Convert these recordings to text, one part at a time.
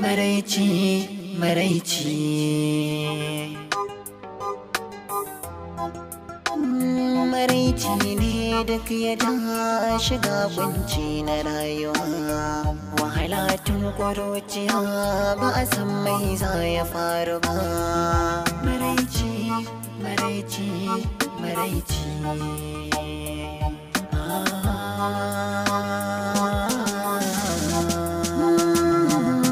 maraici maraici maraici A shiga kunci na rayuwa wahala tun ƙuruciya ba a san mai za ya faru ba maraici maraici maraici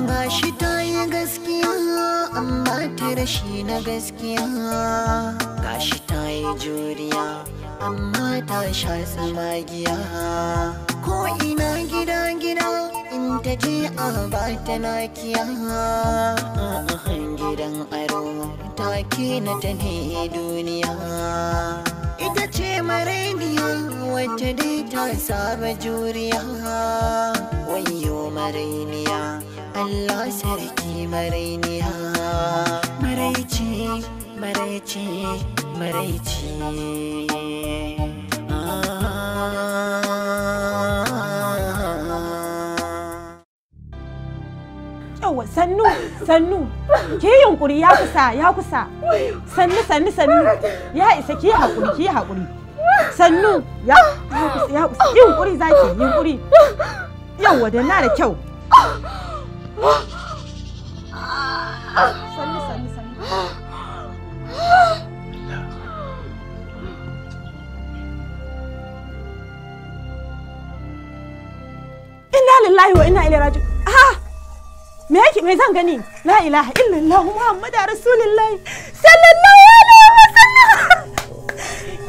Gashi mm, ta yi gaskiya amma ta rashi na gaskiya gashi ta yi juriya amma ta sha magiya ko ina gida gida in ta je a ba ta nakiya gidan aro ta na ta ne duniya ita ce Marainiya. wacce dai ta saba juriya wayo marainiya. Allah sarki Marainiya. maraici maraici maraici yawa sannu sannu yunkuri ya kusa ya kusa sannu sannu sannu ya isa ki sannu ya ya kusa yunkuri yunkuri yawa da na da kyau lillahi wa inna ilaihi raji'un ah me yake me zan gani la ilaha illallah muhammadu rasulullahi sallallahu alaihi wasallam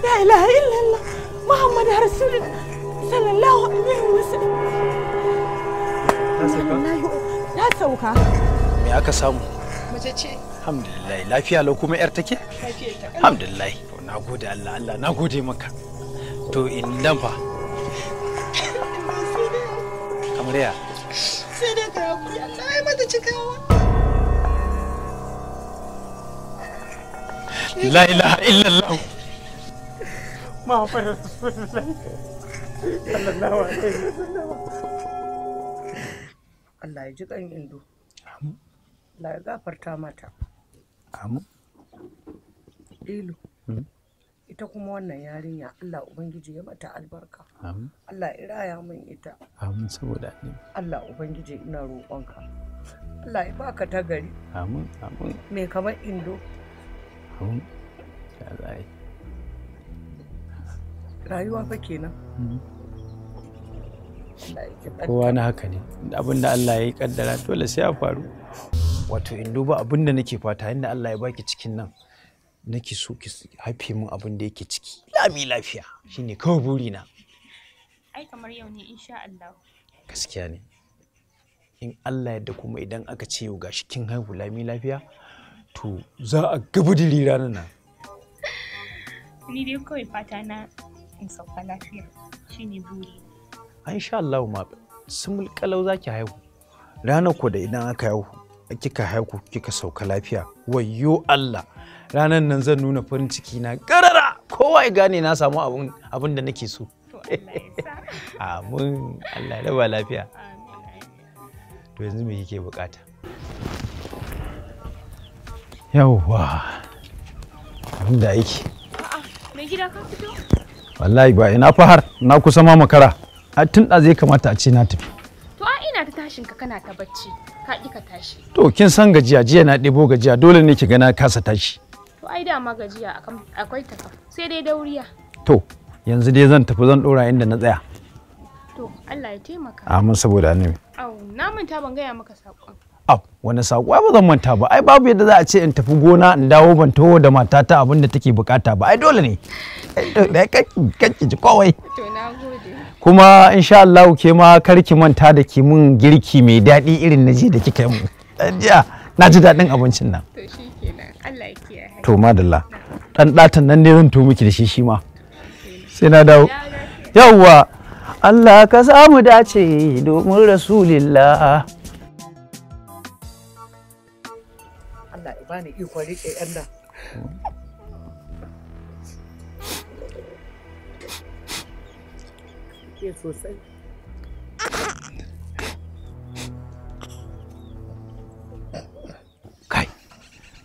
la ilaha illallah muhammadu rasulullahi sallallahu alaihi wasallam ta sauka me aka samu mace ce alhamdulillah lafiya lau kuma yar take Lafiya ta. alhamdulillah na gode Allah Allah na gode maka to in nan fa murya sai dai ka hakuri Allah ya mata cikawa la ilaha illa Allah. Ma fa rasulullah sallallahu alaihi wasallam Allah ya ji kan indo Amin. Allah ya gafarta mata amin ilu hmm. ita kuma wannan yarinya Allah ubangiji ya mata albarka Allah ya raya min ita amin saboda annabi Allah ubangiji ina roƙonka Allah ya baka ta gari amin amin me kamar indo amin ya zai rayuwa fa kenan hmm. kowa na haka ne abin da Allah ya yi kaddara dole sai ya faru wato indo ba abin da nake fata inda Allah ya baki cikin nan nake so ki haife min abin da yake ciki lami lafiya shine kawai burina ai kamar yau ne insha Allah gaskiya ne in Allah yadda kuma idan aka ce yau gashi kin haihu lami lafiya to za a diri ranar nan ni dai kawai fata na in sauka lafiya shine buri insha Allah ma sumul kalau zaki haihu ranar ko da idan aka haihu kika haihu kika sauka lafiya wayyo Allah ranar nan zan nuna farin ciki na karara kowa ya gane na samu abin da nake so Amin. Allah ya raba lafiya. To yanzu me kike bukata? Yawwa. Abin da aiki. Mai gida ka fito? Wallahi ba ina fahar na kusa ma makara. A tun da zai kamata a ce na tafi. To a ina ta tashin ka kana ta bacci. Ka ka tashi. To kin san gajiya jiya na ɗebo gajiya dole ne ki gana na kasa tashi. To ai da ma gajiya akwai ta sai dai dauriya. To yanzu dai zan tafi zan ɗora inda na tsaya to Allah ya taimaka mun saboda annabi au na manta ban gaya maka saƙon au wani saƙo ai ba zan manta ba ai babu yadda za a ce in tafi gona in dawo ban taho da matata abin da take bukata ba ai dole ne kanki ji kawai to na gode kuma insha Allah ke ma karki manta da ki mun girki mai daɗi irin na ji da kika yi mu na ji daɗin abincin nan to shikenan Allah ya kiyaye to madalla dan ɗatan nan ne zan to miki da shi shi ma sai na dawo yawwa Allah ka samu dace domin rasulillah Allah ibani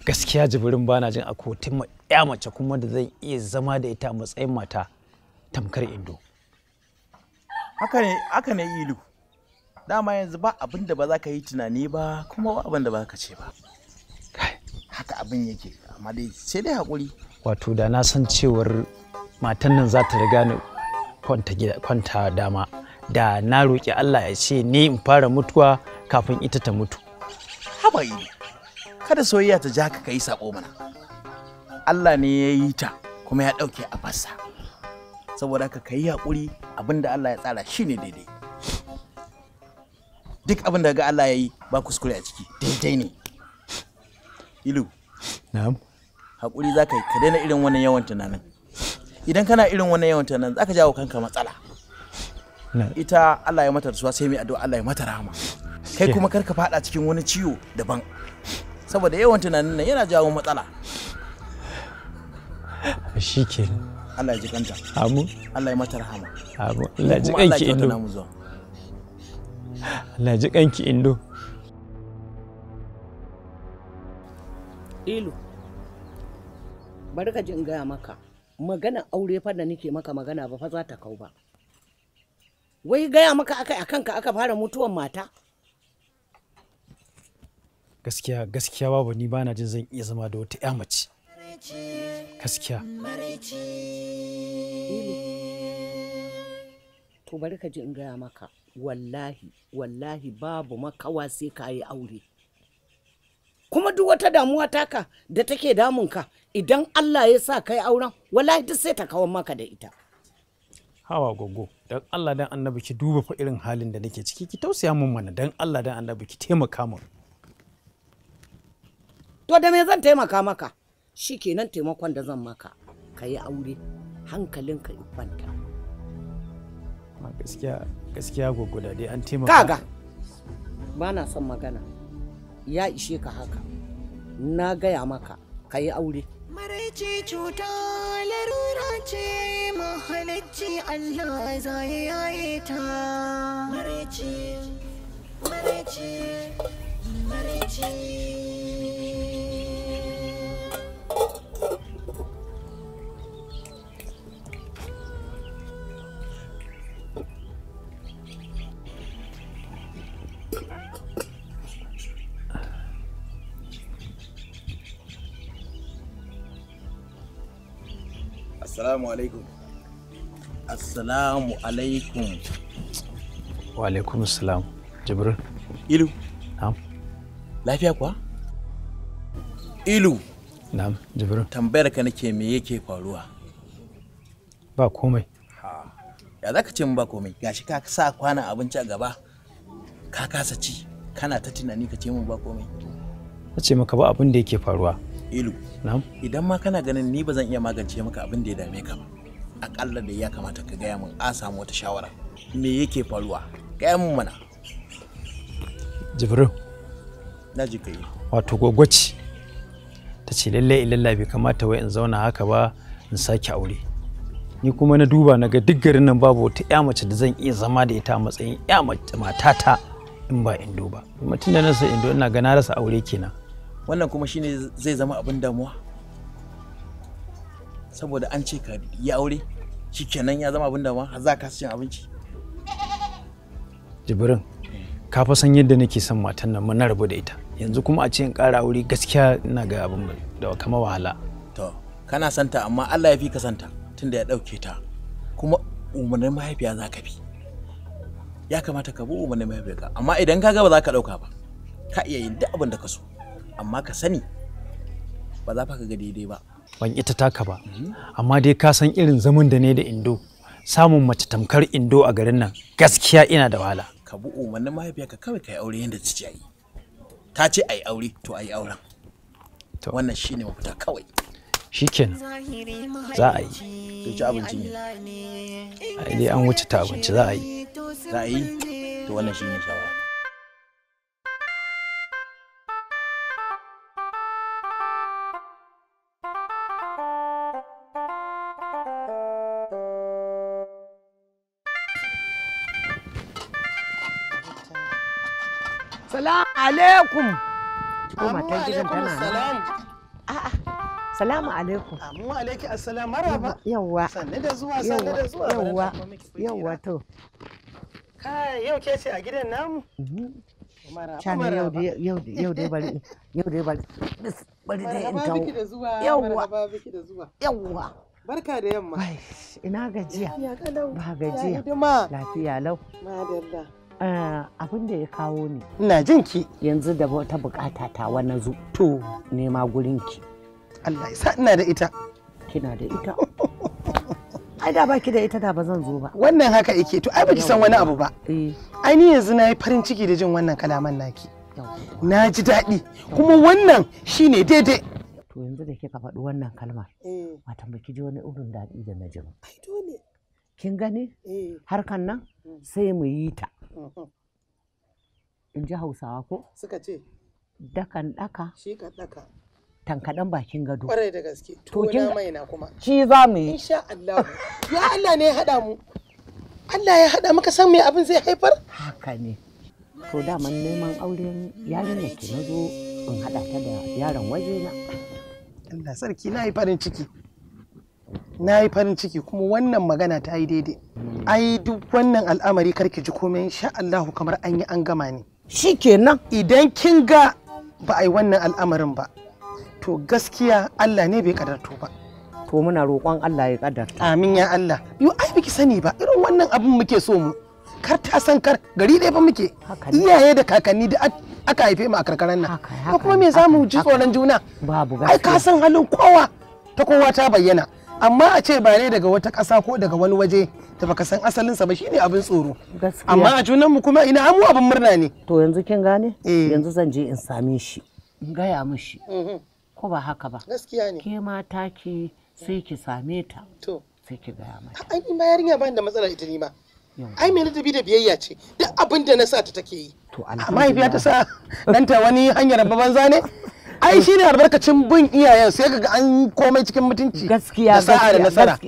gaskiya jibirin bana jin akwai ya mace kuma da zan iya zama da ita a matsayin mata tamkar indo haka ne haka ne ilu dama yanzu ba abin da ba za ka yi tunani ba kuma ba abin da ba ka ce ba haka abin yake amma dai sai dai haƙuri wato da na san cewar matan nan za ta riga ni kwanta dama da na roƙi Allah ya ce ni in fara mutuwa kafin ita ta mutu haba ilu kada soyayya ta ja ka kai sako mana Allah ne ya yi ta kuma ya ɗauke a fassa saboda haka ka yi haƙuri abinda da Allah ya tsara shi ne daidai duk abin da ga Allah ya yi ba kuskure a ciki daidai ne ilu na'am haƙuri za ka yi ka daina irin wannan yawan tunanin idan kana irin wannan yawan tunanin za ka jawo kanka matsala ita Allah ya mata rasuwa sai mai addu'a Allah ya mata rahama kai kuma kar ka fada cikin wani ciwo daban saboda yawan tunanin nan yana jawo matsala shikenan Allah ya ji kanta amu Allah ya mata rahama amu Allah ya ji kanki indo Allah ya ji kanki indo ilu barka jin gaya maka magana aure fa da nake maka magana ba fa za ta kau ba wai gaya maka akai akan ka aka fara mutuwan mata gaskiya gaskiya babu ni bana jin zan iya zama da wata ya mace gaskiya to bari ka ji in gaya maka wallahi wallahi babu makawa sai ka yi aure kuma duk wata damuwa taka da take ka, idan Allah ya sa kai auren wallahi duk sai ta kawo maka da ita hawa gogo dan Allah dan annabi ki duba fa irin halin da nake ciki ki tausaya min mana dan Allah dan annabi ki taimaka min to da me zan taimaka maka shi kenan taimakon da zan maka ka yi aure hankalinka ya kwanta gaskiya gaskiya gwaggwada dai an taimaka kaga ba na son magana ya ishe ka haka na gaya maka ka yi aure maraici cuta larura ce mahalicci allah zai yaye ta maraici maraici maraici assalamu alaikum assalamu alaikum wa alaikum assalam jibril ilu na'am lafiya kuwa ilu na'am jibril tambayar ka nake me yake faruwa ba komai ya zaka ce min ba komai gashi ka sa kwana abinci a gaba ka kasa ci kana ta tunani ka ce min ba komai na ce maka ba abin da yake faruwa ilu idan ma kana ganin ni ba zan iya magance maka abin da ya dame ka ba akalla da ya kamata ka gaya min a samu wata shawara me yake faruwa gaya min mana jibril na ji kai wato gwagwaci ta ce lallai ilalla bai kamata wai in zauna haka ba in sake aure ni kuma na duba na ga duk garin nan babu wata ya mace da zan iya zama da ita a matsayin ya matata in ba in duba mutum da na indo ina ga na rasa aure kenan wannan kuma shine zai zama abin damuwa saboda an ce ka yi aure kenan ya zama abin damuwa har za ka cin abinci jibrin ka fa san yadda nake son matan nan mun rabu da ita yanzu kuma a ce in ƙara aure gaskiya ina ga abin da kama wahala to kana santa amma Allah ya fi ka santa tunda ya ɗauke ta kuma umarnin mahaifiya za ka bi ya kamata ka bi umarnin mahaifiya amma idan ka ga ba za ka ɗauka ba ka iya yin duk abin da ka so amma ka sani ba za ka ga daidai ba ban ita taka ba mhm. amma dai ka san irin zaman da ne da indo samun mace tamkar indo a garin nan gaskiya ina da wahala ka bi umarnin mahaifiyarka kawai ka yi aure yadda ta ce a yi ta ce a yi aure to a yi auren wannan shine mafita kawai shikenan za a yi to ci abinci ne ai dai an wuce ta abinci za a yi za a yi to wannan shine shawara Salamu alaikum. Ko alaikum salam. tana nan. A'a. Salamu alaikum. Amma alaiki assalam maraba. Yawwa. Sanne da zuwa sanne da zuwa. Yawwa. Yawwa to. Kai yau ke ce a gidan namu? Cana mhm. yau da yau da bari yau da bari bari da in kawo. Yawwa. Yawwa. Barka da yamma. Ina gajiya. Ba gajiya. Lafiya lau. Madalla. Eh, abin da ya kawo ni ina jin ki yanzu da wata bukata ta wani zu to nema gurin ki Allah ya sa ina da ita kina da ita ai da baki da ita da ba zan zo ba wannan haka yake to ai baki san wani abu ba eh. ai ni yanzu na yi farin ciki da jin wannan kalaman naki na ji daɗi kuma wannan shine daidai to yanzu da kika faɗi wannan kalmar matan eh. baki ji wani irin daɗi da na ji ba kin gani harkan nan mm. sai mu yi ta in ji hausawa ko suka ce dakan daka shi ka daka tankaɗen bakin gado ƙwarai da gaske to mai na kuma shi za mu yi insha Allah ya Allah ne ya haɗa mu Allah ya haɗa maka san me abin zai haifar haka ne to daman neman auren yarinya ke nazo in haɗa ta da yaron waje na Allah sarki na yi farin ciki na yi farin ciki kuma wannan magana ta yi daidai ai duk wannan al'amari karki ji komai insha Allahu kamar an yi an gama ne shikenan idan kin ga ba a yi wannan al'amarin ba to gaskiya Allah ne bai kadarto ba to muna roƙon Allah ya kadar amin ya Allah yo ai biki sani ba irin wannan abin muke so mu kar ta san kar gari ɗaya fa muke iyaye da kakanni da aka haife mu a karkaran nan ko kuma me zamu ji tsoron juna babu ai ka san halin kowa ta kowa ta bayyana amma a ce ba ne daga wata ƙasa ko daga wani waje da baka san asalinsa ba shine abin tsoro amma a junan mu kuma ina amu abin murna ne to yanzu kin gane eh. yanzu zan je in same shi in gaya mishi mhm. ko ba haka ba gaskiya ne ke mata ki sai ki same ta to sai ki gaya mata ai ni bayar ya ba da matsala ita ni ma ai me ladabi da biyayya ce duk abin da na sa ta take yi to alhamdulillah mahaifiya ta sa danta wani hanyar babban zane. ai shine albarkacin bin iyayen sai ga an komai cikin mutunci gaskiya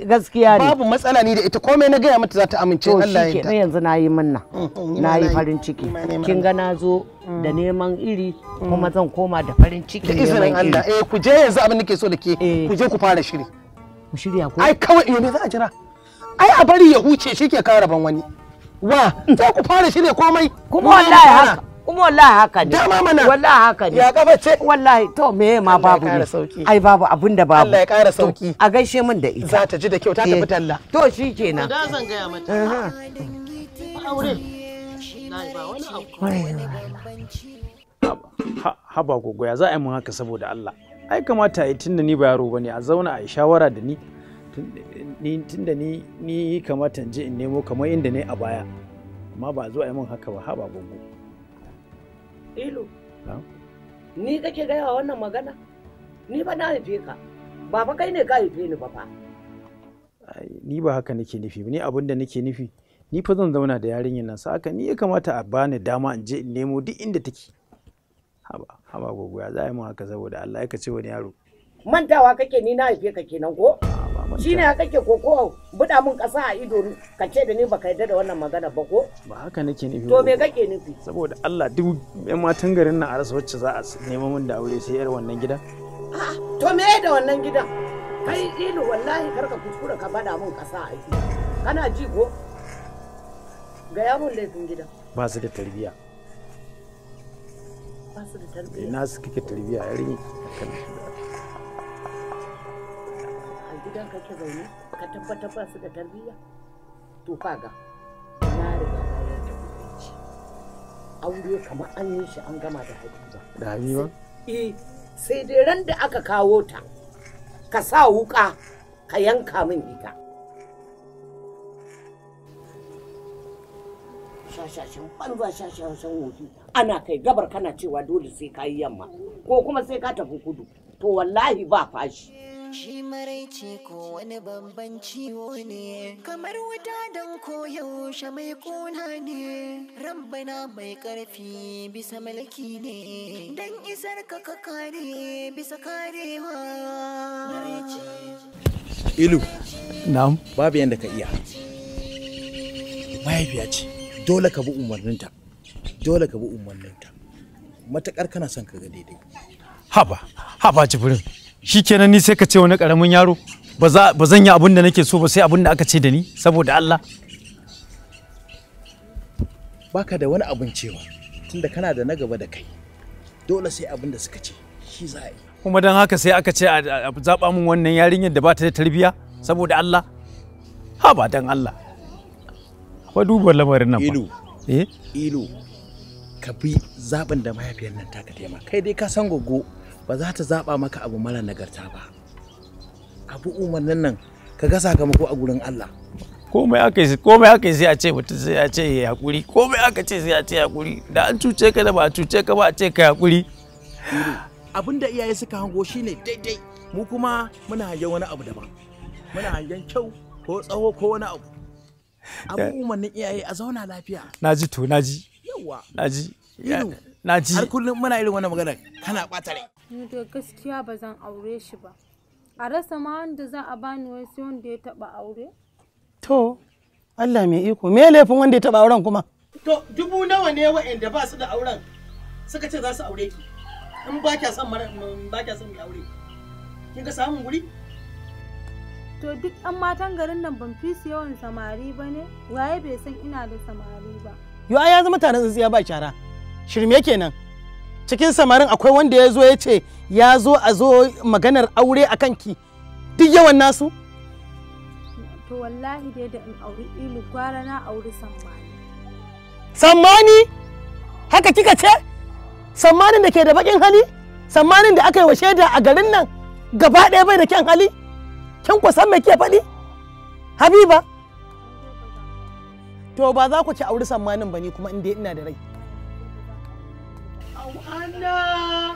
gaskiya ne babu matsala ni da ita komai na gaya mata za ta amince Allah ya yarda yanzu nayi minna mm, mm, nayi farin ciki kin ga nazo mm. da neman iri kuma zan koma da farin ciki da izinin Allah eh ku je yanzu abin nake so da ke eh. ku je ku fara shiri ku shirya ko ai kawai me za a jira ai a bari ya huce shi ke kara wani wa sai ku fara shirya komai kuma wallahi haka kuma wallahi haka ne dama mana wallahi haka ne ya kafa ce wallahi to me ma babu ne ai babu abin da babu Allah ya kara sauki a gaishe min da ita za ta ji da kyau ta tafi eh. talla to shikenan da zan gaya mata aure haba gogo ya za a yi mun haka saboda Allah ai kamata a yi tunda ni ba yaro bane a zauna a yi shawara da ni tunda ni ni kamata in je in nemo kamar inda ne a baya amma ba zo a yi mun haka ba haba gogo Ilu. Ni kake gaya wannan magana? Ni ba na haife ka. Ba kai ne ka haife ni ba fa. Ni ba haka nake nufi ba, ni abin da nake nufi. Ni fa zan zauna da yarinyar nan sa haka ni ya kamata a bani dama in je in nemo duk inda take. Haba, haba gogoya za a yi mun haka saboda Allah ya kace wani yaro. mantawa kake ni na haife ka kenan ko shi ne kake ko ko buɗa mun ƙasa a ido ka ce da ni baka yarda da wannan magana ba ko ba haka nake nufi to me kake nufi saboda Allah duk ƴan matan garin nan a rasa wacce za a nemi mun da aure sai yar wannan gida a to me da wannan gidan kai ilu wallahi karka kuskura ka bada mun ƙasa a ido kana ji ko gaya mun laifin gidan ba su da tarbiyya ba su da tarbiyya na su kike tarbiyya yarin ka ke zaune ka tabbatar ba su da tarbiyya to ga. na riga na yi aure kamar an yi shi an gama da habiba da habiba eh sai dai ran da aka kawo ta ka sa wuka ka yanka min ita shashashin banza shashashin wofi ana kai gabar kana cewa dole sai ka yi yamma ko kuma sai ka tafi kudu to wallahi ba fashi Shi maraice ko wani bambanci ciwo ne, kamar wuta don koyaushe mai ƙuna ne. rambana mai ƙarfi bisa mulki ne, don isar ka ka kare bisa karewa. Ilu, na'am, babu yadda ka iya. Mahaifiya ce, dole ka bi umarninta, dole ka bi umarninta. Matakar kana son ka ga daidai. Haba, haba jibrin shikenan ni sai ka ce wani karamin yaro ba zan yi abin da nake so ba sai abin da aka ce da ni saboda Allah baka da wani abin cewa tunda kana da na gaba da kai dole sai abin da suka ce shi za a yi kuma don haka sai aka ce a zaɓa min wannan yarinyar da ba ta da tarbiya saboda Allah ha ba don Allah ba duba lamarin nan Ilo ilu eh ilu ka bi zaɓin da mahaifiyar nan ta ka taimaka kai dai ka san gogo ba za ta zaɓa maka abu mara nagarta ba abu umarnin nan ka ga sakamako a gurin Allah komai aka yi komai aka yi sai a ce mutum sai a ce ya hakuri komai aka ce sai a ce ya hakuri da an cuce ka da ba a cuce ka ba a ce ka hakuri abin da iyaye suka hango shine daidai mu kuma muna hangen wani abu daban muna hangen kyau ko tsawo ko wani abu Abu eh. umarnin iyaye a zauna lafiya naji to naji yawa naji naji har kullum muna irin wannan magana kana ɓata rai ni da gaskiya ba zan aure shi ba a rasa ma wanda za a bani wai sai wanda ya taba aure to Allah mai iko me laifin wanda ya taba auren kuma to dubu nawa ne wa'anda ba su da auren suka ce za su aure ki in ba kya son mara ba kya son mai aure kin ga samun guri to duk an matan garin nan ban fi su yawan samari ba ne waye bai san ina da samari ba yo ya zama tare tsintsiya ba kyara, shirme kenan cikin samarin akwai wanda ya zo ya ce ya zo a zo maganar aure a kanki duk yawan nasu to wallahi dai da in auri ilu gwara na auri sammani sammani haka kika ce sammanin da ke da bakin hali sammanin da aka yi wa shaida a garin nan gaba ɗaya bai da kyan hali kin ku san me ke faɗi habiba to ba za ku ci auri sammanin ba ni kuma in dai ina da rai Allah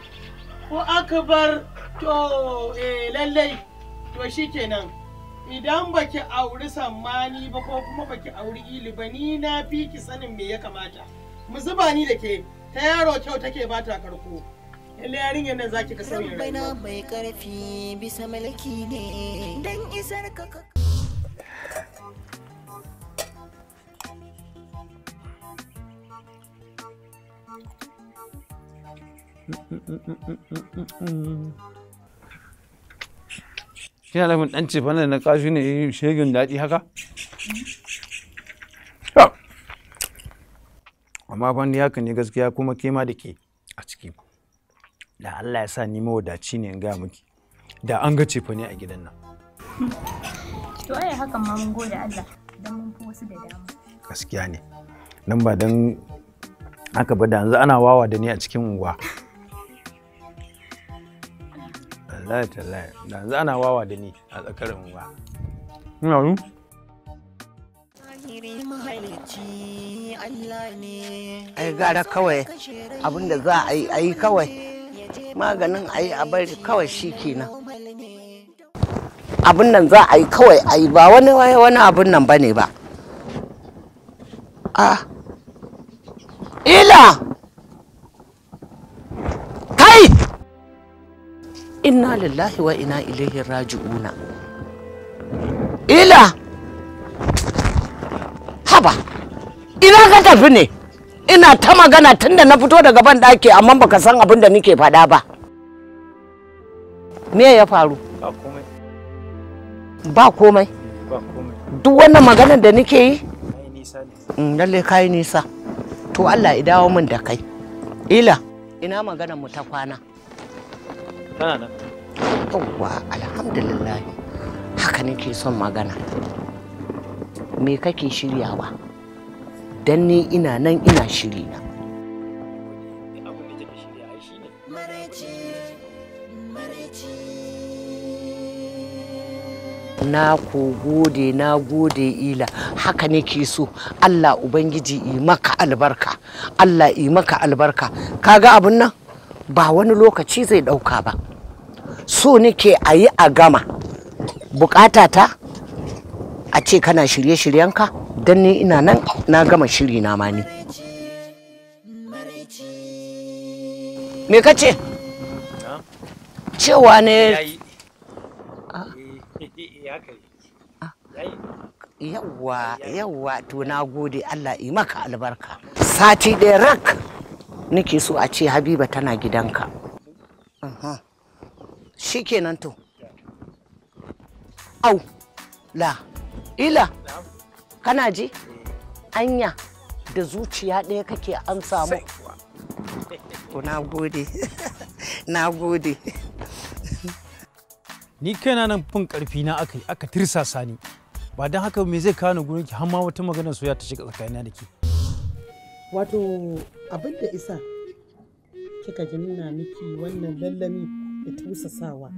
wa akbar to eh lallai to shikenan idan baki auri sammani ba ko kuma baki auri ili ba ni na fi ki sanin me ya kamata mu zuba ni da ke ta yaro kyau take ba ta karko lalle yarinyar zaki ka sauya rayuwa bai karfi bisa mulki ne dan isar ka kina nufin ɗan cefanen na kashi ne shegin daɗi haka amma fanni haka ne gaskiya kuma ma da ke a ciki da allah ya sa ni mawadaci ne in gaya miki da an ga cefane a gidan nan to ai haka ma mun gode allah don mun fi wasu da dama gaskiya ne nan ba don haka ba da yanzu ana wawa da ni a cikin unguwa wallahi tallahi yanzu ana wawa da ni a tsakar unguwa ina yi ai gara kawai abinda za a yi ayi kawai maganin ayi a bari kawai shi kenan abin nan za a yi kawai a yi ba wani wani abin nan ba ne ba a ah. ila inna lillahi wa ina ilaihi raji'una ila haba ina ka tafi ne ina ta magana tunda na fito daga ban ɗaki amma baka san abin da nake faɗa ba me ya faru ba komai duk wannan maganar da nake yi mm, lalle yi nisa to allah ya min da kai ila ina maganar mu ta kwana tana yawwa alhamdulillah haka nake son magana me kake shiryawa Don ni ina nan ina shiri na na ku gode na gode ila haka ke so Allah ubangiji i maka albarka Allah i maka albarka kaga abun nan ba wani lokaci zai ɗauka ba so nake a yi a gama bukata ta a ce kana shirye-shiryenka don ni ina nan na gama shiri na ma ni me ka ce cewa ne ah. eh, eh, eh, ah. yawwa yawwa to na gode allah yi maka albarka sati ɗaya rak nake so a ce habiba tana gidanka shi kenan to au la ila kana ji anya da zuciya ɗaya kake an mu na gode na gode ni kaina nan fin karfi na aka yi aka tirsasa ni ba don haka me zai kawo ni gurin ki har ma wata maganar soyayya ta shiga tsakanina da ke wato abin da isa kika ji nuna miki wannan lallami da tusasawa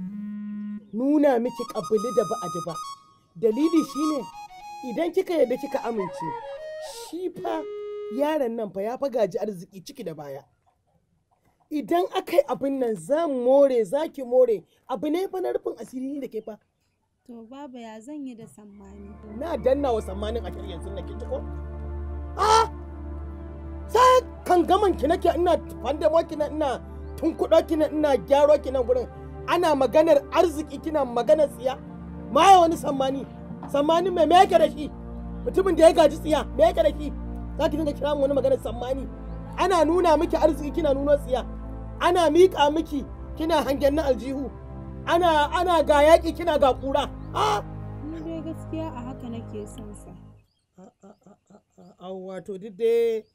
nuna miki kabili da ba a ji ba dalili shine idan kika yadda kika amince shi fa yaron nan fa ya fa gaji arziki ciki da baya idan aka yi abin nan za more za ki more abu ne fa na rufin asiri ne da ke fa to baba ya zan yi da sammani na danna wa sammanin a yanzu na ko ah sai kan gaman ki nake ina ma ki na ina tunkuɗo ki na ina gyaro ki nan gurin ana maganar arziki kina maganar tsiya ma wani sammani sammani mai me yake da shi mutumin da ya gaji tsiya me yake da shi za ki dinga kira mu wani maganar sammani ana nuna miki arziki kina nuno tsiya ana miƙa miki kina hangen na aljihu ana ana ga yaƙi kina ga ƙura ni dai gaskiya a haka nake son sa wato duk dai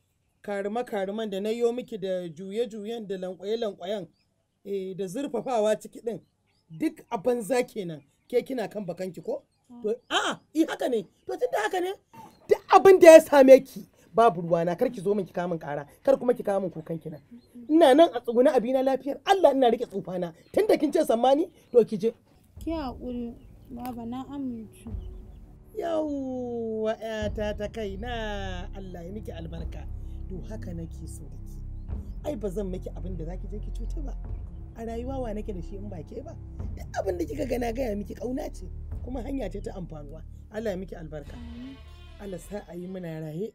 karuma kariman da na yo miki da juye-juyen da lankwaye-lankwayen eh, da zurfafawa ciki ɗin duk a banza kenan ke kina kan bakanki ko? To a'a i eh, haka ne to tun da haka ne duk abin da ya same ki babu ruwana kar ki zo min ki kamun kara kar kuma ki kamun kukan ki nan. ina nan a tsuguna abina lafiyar Allah ina rike tsufana tunda kin ce sammani to ki je ki hakuri baba na amince yawwa 'ya ta kaina Allah ya miki albarka to haka nake so da ke ai ba zan miki abin da zaki je ki cuta ba a rayuwa wa nake da shi in ba ke ba duk abin da kika gana gaya miki kauna ce kuma hanya ce ta amfanuwa Allah ya miki albarka Allah sa a yi muna raye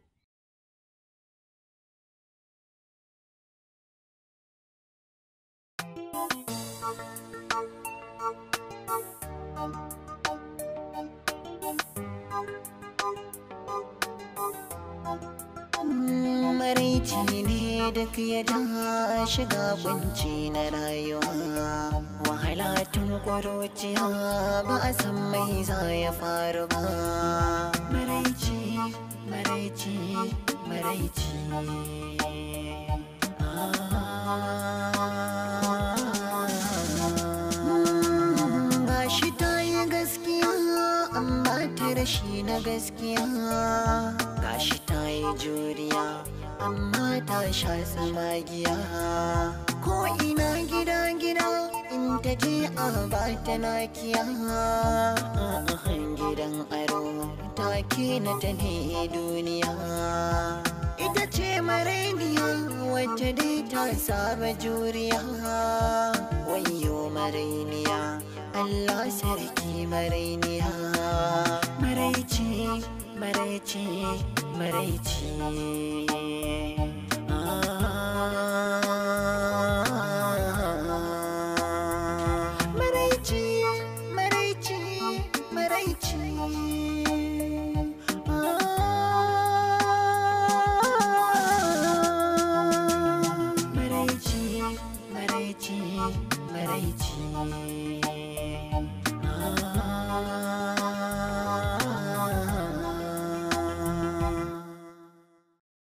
kunci ne duk ya da shiga kunci na rayuwa wahala tun ƙwarociya ba a san mai za ya faru ba maraici maraici maraici ah. shi ta yi gaskiya amma ta rashi na gaskiya gashi ta yi juriya amma ta sha magiya ko ina gida gida in ta je a ba ta nakiya gidan aro ta na ta ne duniya ita ce marainiya wacce dai ta saba juriya wayo marainiya Allah sarki marainiya maraici maraici maraici ah,